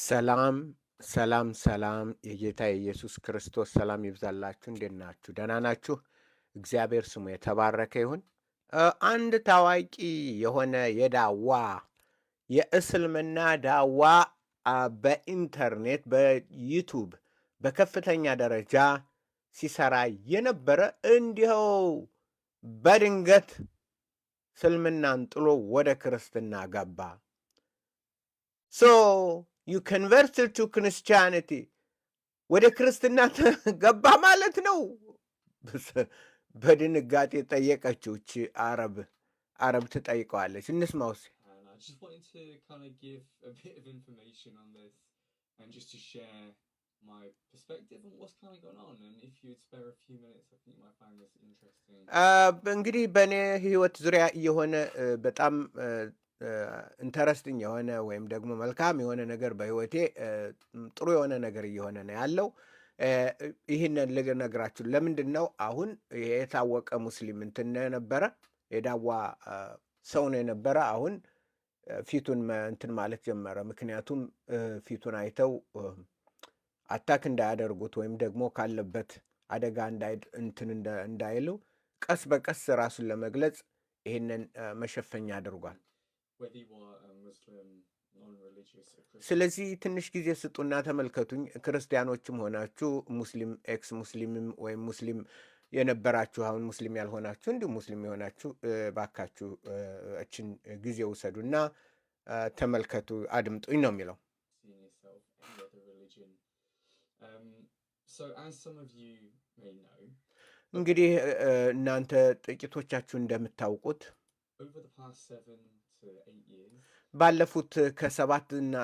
ሰላም ሰላም ሰላም የጌታ የኢየሱስ ክርስቶስ ሰላም ይብዛላችሁ። እንዴት ናችሁ? ደህና ናችሁ? እግዚአብሔር ስሙ የተባረከ ይሁን። አንድ ታዋቂ የሆነ የዳዋ የእስልምና ዳዋ በኢንተርኔት በዩቱብ በከፍተኛ ደረጃ ሲሰራ የነበረ እንዲኸው በድንገት እስልምናን ጥሎ ወደ ክርስትና ገባ ሶ ዩ ከንቨርት ቱ ክርስቲያኒቲ ወደ ክርስትና ገባ ማለት ነው በድንጋጤ ጠየቀችው። እቺ አረብ አረብ ትጠይቀዋለች። እንስማ uh, እንግዲህ በእኔ ህይወት ዙሪያ እየሆነ uh, በጣም uh, ኢንተረስቲንግ የሆነ ወይም ደግሞ መልካም የሆነ ነገር በህይወቴ ጥሩ የሆነ ነገር እየሆነ ነው ያለው። ይህንን ልነግራችሁ ለምንድን ነው አሁን የታወቀ ሙስሊም እንትን ነበረ የዳዋ ሰው ነው የነበረ። አሁን ፊቱን እንትን ማለት ጀመረ። ምክንያቱም ፊቱን አይተው አታክ እንዳያደርጉት ወይም ደግሞ ካለበት አደጋ እንትን እንዳይሉ ቀስ በቀስ ራሱን ለመግለጽ ይህንን መሸፈኛ አድርጓል። ስለዚህ ትንሽ ጊዜ ስጡና ተመልከቱኝ። ክርስቲያኖችም ሆናችሁ ሙስሊም፣ ኤክስ ሙስሊምም ወይም ሙስሊም የነበራችሁ አሁን ሙስሊም ያልሆናችሁ እንዲሁም ሙስሊም የሆናችሁ ባካችሁ እችን ጊዜ ውሰዱና ተመልከቱ፣ አድምጡኝ ነው የሚለው። um, እንግዲህ እናንተ ጥቂቶቻችሁ እንደምታውቁት ባለፉት ከሰባትና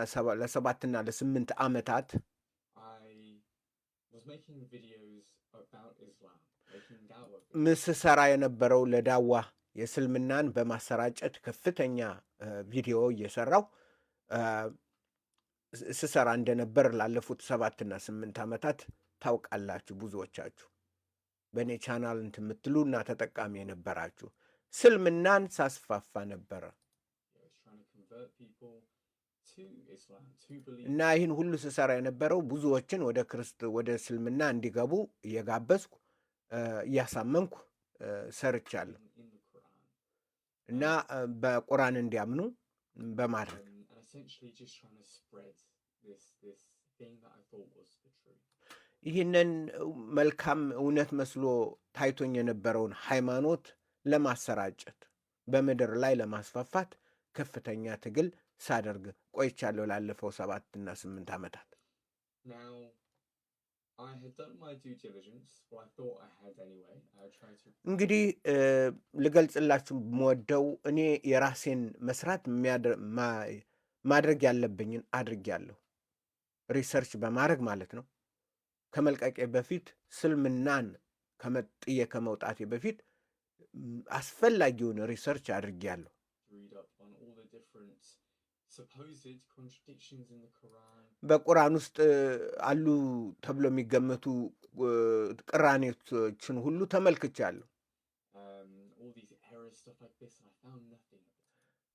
ለሰባትና ለስምንት ዓመታት ምስሰራ የነበረው ለዳዋ የእስልምናን በማሰራጨት ከፍተኛ ቪዲዮ እየሰራው ስሰራ እንደነበር ላለፉት ሰባትና ስምንት ዓመታት ታውቃላችሁ። ብዙዎቻችሁ በእኔ ቻናል እንትን የምትሉ እና ተጠቃሚ የነበራችሁ ስልምናን ሳስፋፋ ነበረ። እና ይህን ሁሉ ስሰራ የነበረው ብዙዎችን ወደ ክርስት ወደ እስልምና እንዲገቡ እየጋበዝኩ እያሳመንኩ ሰርቻለሁ እና um, በቁርአን እንዲያምኑ በማድረግ um, ይህንን መልካም እውነት መስሎ ታይቶኝ የነበረውን ሃይማኖት ለማሰራጨት በምድር ላይ ለማስፋፋት ከፍተኛ ትግል ሳደርግ ቆይቻለሁ ላለፈው ሰባትና ስምንት ዓመታት። እንግዲህ ልገልጽላችሁ የምወደው እኔ የራሴን መስራት ማድረግ ያለብኝን አድርጌያለሁ። ሪሰርች በማድረግ ማለት ነው። ከመልቀቄ በፊት ስልምናን ከመጥዬ ከመውጣቴ በፊት አስፈላጊውን ሪሰርች አድርጌያለሁ። በቁርአን ውስጥ አሉ ተብሎ የሚገመቱ ቅራኔዎችን ሁሉ ተመልክቻለሁ። um,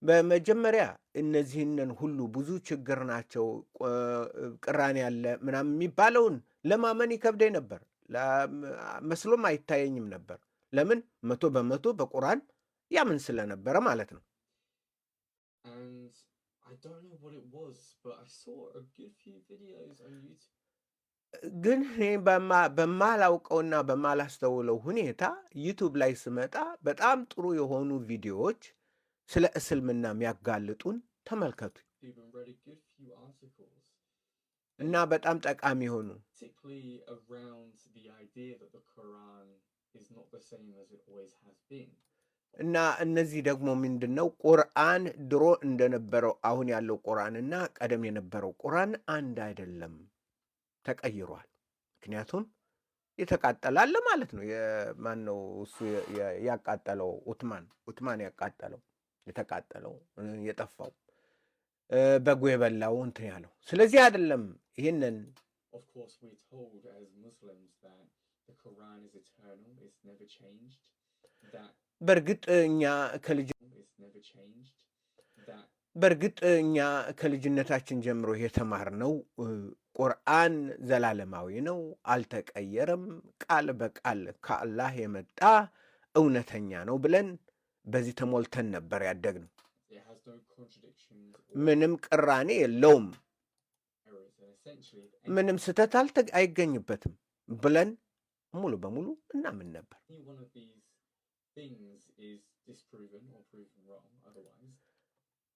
በመጀመሪያ እነዚህንን ሁሉ ብዙ ችግር ናቸው፣ ቅራኔ ያለ ምናምን የሚባለውን ለማመን ይከብደኝ ነበር፣ መስሎም አይታየኝም ነበር። ለምን መቶ በመቶ በቁርአን ያምን ስለነበረ ማለት ነው። and I don't know what it was, but I saw a good few videos on YouTube. ግን ይህ በማላውቀውና በማላስተውለው ሁኔታ ዩቱብ ላይ ስመጣ በጣም ጥሩ የሆኑ ቪዲዮዎች ስለ እስልምና የሚያጋልጡን ተመልከቱ እና በጣም ጠቃሚ የሆኑ እና እነዚህ ደግሞ ምንድን ነው? ቁርአን ድሮ እንደነበረው አሁን ያለው ቁርአን እና ቀደም የነበረው ቁርአን አንድ አይደለም፣ ተቀይሯል። ምክንያቱም የተቃጠላለ ማለት ነው። ማን ነው እሱ ያቃጠለው? ኡትማን ኡትማን ያቃጠለው የተቃጠለው የጠፋው በጎ የበላው እንትን ያለው። ስለዚህ አይደለም ይህንን በእርግጥ እኛ ከልጅ በእርግጥ እኛ ከልጅነታችን ጀምሮ የተማርነው ቁርአን ዘላለማዊ ነው፣ አልተቀየረም፣ ቃል በቃል ከአላህ የመጣ እውነተኛ ነው ብለን በዚህ ተሞልተን ነበር ያደግነው። ምንም ቅራኔ የለውም፣ ምንም ስህተት አይገኝበትም ብለን ሙሉ በሙሉ እናምን ነበር። things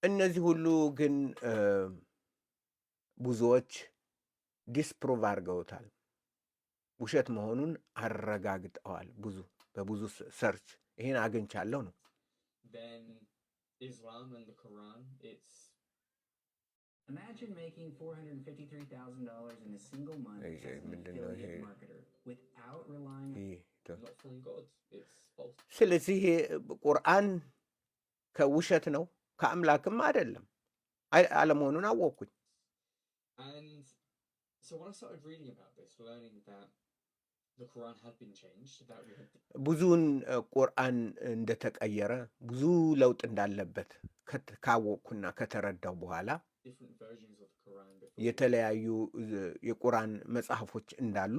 እነዚህ ሁሉ ግን ብዙዎች ዲስፕሩቭ አድርገውታል ውሸት መሆኑን አረጋግጠዋል ብዙ በብዙ ሰርች ይሄን አግኝቻለሁ ነው ምንድነው ይሄ ስለዚህ ቁርአን ከውሸት ነው ከአምላክም አይደለም አለመሆኑን አወቅኩኝ። ብዙውን ቁርአን እንደተቀየረ ብዙ ለውጥ እንዳለበት ካወቅኩና ከተረዳው በኋላ የተለያዩ የቁርአን መጽሐፎች እንዳሉ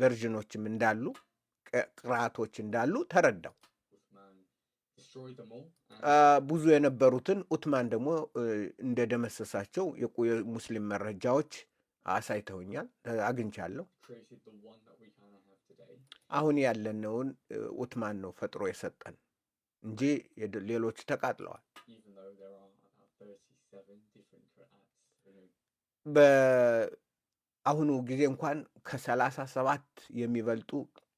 ቨርዥኖችም እንዳሉ ቅራቶች እንዳሉ ተረዳው። ብዙ የነበሩትን ኡትማን ደግሞ እንደደመሰሳቸው የሙስሊም መረጃዎች አሳይተውኛል፣ አግኝቻለሁ። አሁን ያለነውን ኡትማን ነው ፈጥሮ የሰጠን እንጂ ሌሎች ተቃጥለዋል። አሁኑ ጊዜ እንኳን ከሰላሳ ሰባት የሚበልጡ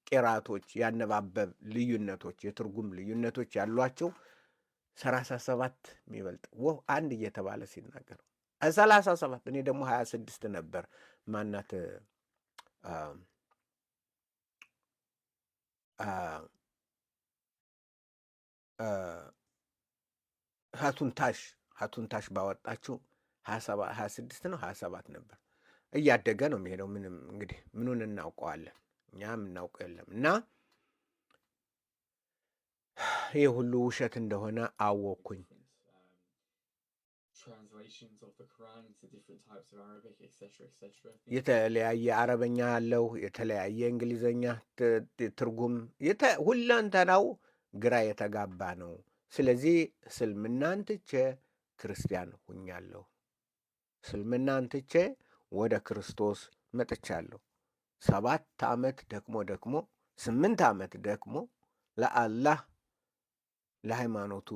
ቄራቶች ያነባበብ ልዩነቶች የትርጉም ልዩነቶች ያሏቸው ሰላሳ ሰባት የሚበልጥ ወ አንድ እየተባለ ሲናገር ሰላሳ ሰባት እኔ ደግሞ ሀያ ስድስት ነበር ማናት ሀቱንታሽ ሀቱንታሽ ባወጣችው ሀያ ስድስት ነው ሀያ ሰባት ነበር እያደገ ነው የሚሄደው። ምንም እንግዲህ ምኑን እናውቀዋለን እኛ የምናውቀው የለም። እና ይህ ሁሉ ውሸት እንደሆነ አወቅኩኝ። የተለያየ አረበኛ አለው፣ የተለያየ እንግሊዘኛ ትርጉም፣ ሁለንተናው ግራ የተጋባ ነው። ስለዚህ እስልምናን ትቼ ክርስቲያን ሁኛለሁ። እስልምናን ትቼ ወደ ክርስቶስ መጥቻለሁ። ሰባት ዓመት ደክሞ ደክሞ ስምንት ዓመት ደክሞ ለአላህ ለሃይማኖቱ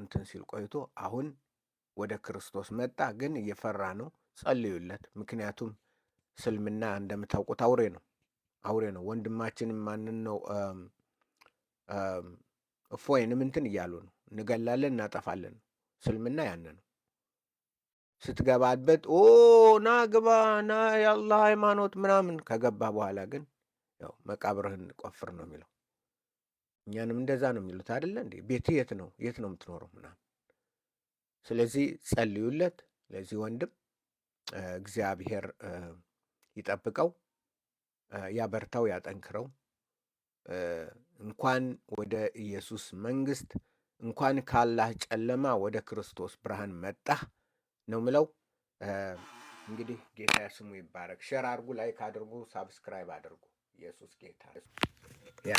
እንትን ሲል ቆይቶ አሁን ወደ ክርስቶስ መጣ። ግን እየፈራ ነው። ጸልዩለት። ምክንያቱም ስልምና እንደምታውቁት አውሬ ነው፣ አውሬ ነው። ወንድማችን ማንን ነው እፎይንም እንትን እያሉ ነው፣ እንገላለን፣ እናጠፋለን። ስልምና ያን ነው። ስትገባበት ኦ ና ግባ ና የአላህ ሃይማኖት ምናምን ከገባ በኋላ ግን ያው መቃብርህን ቆፍር ነው የሚለው። እኛንም እንደዛ ነው የሚሉት አይደለ እንዴ? ቤት የት ነው የት ነው የምትኖረው ምናምን። ስለዚህ ጸልዩለት ለዚህ ወንድም እግዚአብሔር ይጠብቀው፣ ያበርታው፣ ያጠንክረው። እንኳን ወደ ኢየሱስ መንግስት እንኳን ካላህ ጨለማ ወደ ክርስቶስ ብርሃን መጣህ። ነው ምለው። እንግዲህ ጌታ ስሙ ይባረክ። ሸር አድርጉ፣ ላይክ አድርጉ፣ ሳብስክራይብ አድርጉ። ኢየሱስ ጌታ ያ